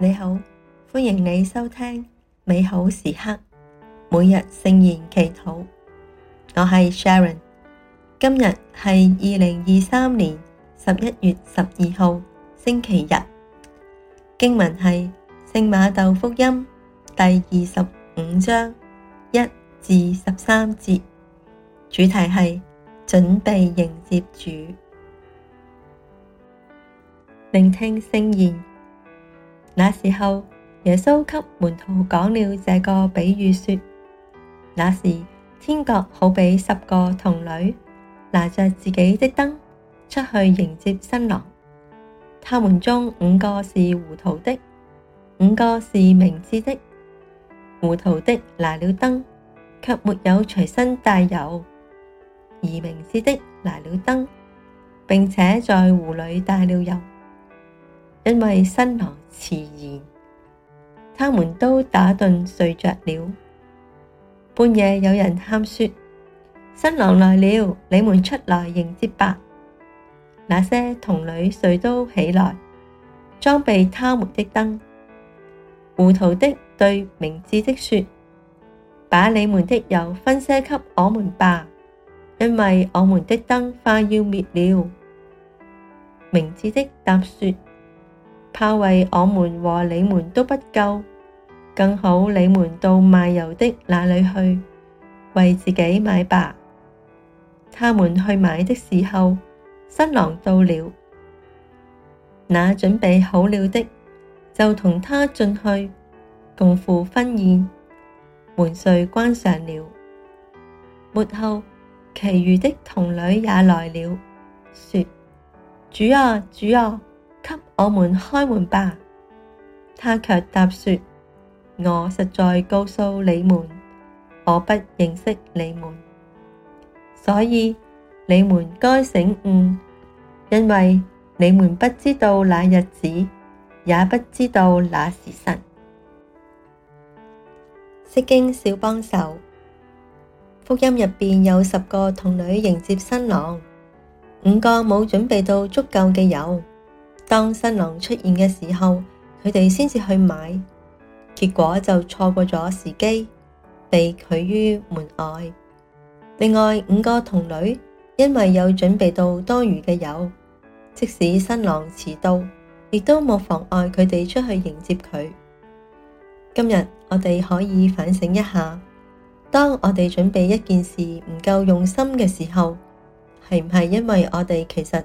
你好，歡迎你收聽美好時刻，每日聖言祈禱。我係 Sharon，今日係二零二三年十一月十二號星期日，經文係聖馬竇福音第二十五章一至十三節，主題係準備迎接主，聆聽聖言。那時候，耶穌給門徒講了這個比喻，說：那時天國好比十個童女，拿着自己的燈出去迎接新郎。他們中五個是糊塗的，五個是明智的。糊塗的拿了燈，卻沒有隨身帶油；而明智的拿了燈，並且在壺裏帶了油。因為新郎遲延，他們都打盹睡着了。半夜有人喊說：新郎來了，你們出來迎接吧。那些童女遂都起來，裝備他們的燈。糊塗的對明智的說：把你們的油分些給我們吧，因為我們的燈快要滅了。明智的答說：怕為我們和你們都不夠，更好你們到賣油的那裏去，為自己買吧。他們去買的時候，新郎到了，那準備好了的，就同他進去，共赴婚宴，門遂關上了。末後，其餘的童女也來了，說：主啊，主啊！我們開門吧，他卻答說：我實在告訴你們，我不認識你們。所以你們該醒寤，因為你們不知道那日子，也不知道那時辰。釋經小幫手，福音入邊有十個童女迎接新郎，五個冇準備到足夠嘅油。當新郎出現嘅時候，佢哋先至去買，結果就錯過咗時機，被拒於門外。另外五個童女因為有準備到多餘嘅油，即使新郎遲到，亦都冇妨礙佢哋出去迎接佢。今日我哋可以反省一下，當我哋準備一件事唔夠用心嘅時候，係唔係因為我哋其實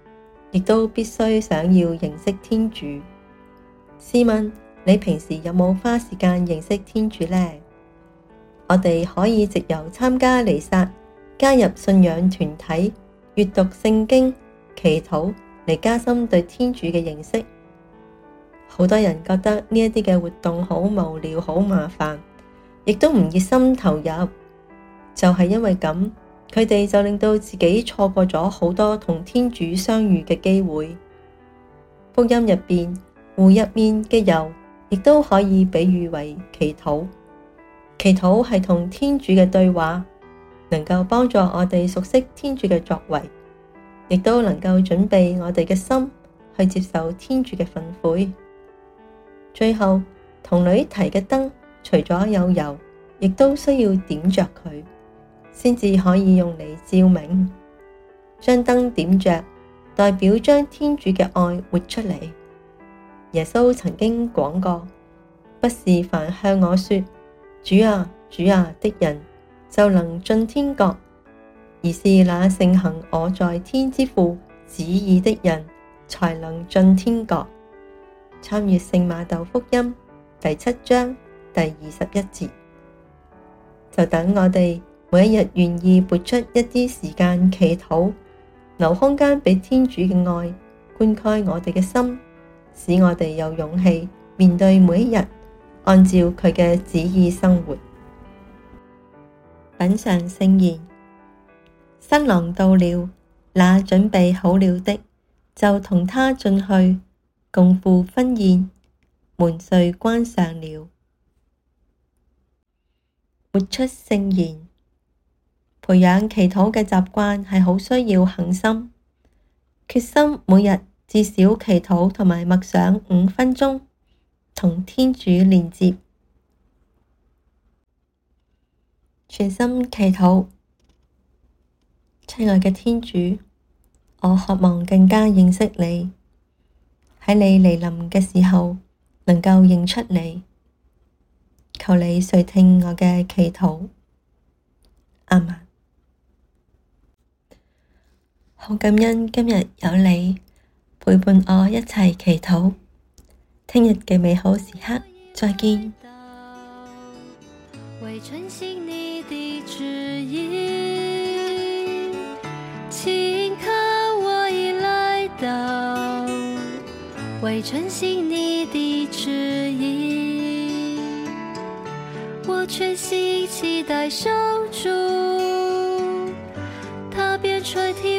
亦都必須想要認識天主。試問，你平時有冇花時間認識天主呢？我哋可以藉由參加彌撒、加入信仰團體、閱讀聖經、祈禱嚟加深對天主嘅認識。好多人覺得呢一啲嘅活動好無聊、好麻煩，亦都唔熱心投入，就係、是、因為咁。佢哋就令到自己錯過咗好多同天主相遇嘅機會。福音入邊，壺入面嘅油亦都可以比喻為祈禱。祈禱係同天主嘅對話，能夠幫助我哋熟悉天主嘅作為，亦都能夠準備我哋嘅心去接受天主嘅訓誨。最後，童女提嘅燈除咗有油，亦都需要點着佢。先至可以用嚟照明，將燈點着，代表將天主嘅愛活出嚟。耶穌曾經講過，不是凡向我說主啊、主啊的人就能進天國，而是那承行我在天之父旨意的人才能進天國。參閱聖馬竇福音第七章第二十一節，就等我哋，每一日願意撥出一啲時間祈禱，留空間畀天主嘅愛灌溉我哋嘅心，使我哋有勇氣面對每一日，按照佢嘅旨意生活。品嚐聖言。新郎到了，那準備好了的，就同他進去共赴婚宴，門遂關上了。活出聖言。培養祈禱嘅習慣係好需要恒心，決心。每日至少祈禱同埋默想五分鐘，同天主連接，全心祈禱。親愛嘅天主，我渴望更加認識你。喺你嚟臨嘅時候，能夠認出你。求你垂聽我嘅祈禱。阿們。好感恩今日有你陪伴我一齊祈禱，聽日嘅美好時刻再見。為承行你的旨意，請看我已來到；為承行你的旨意，我全心期待守住，踏遍春天。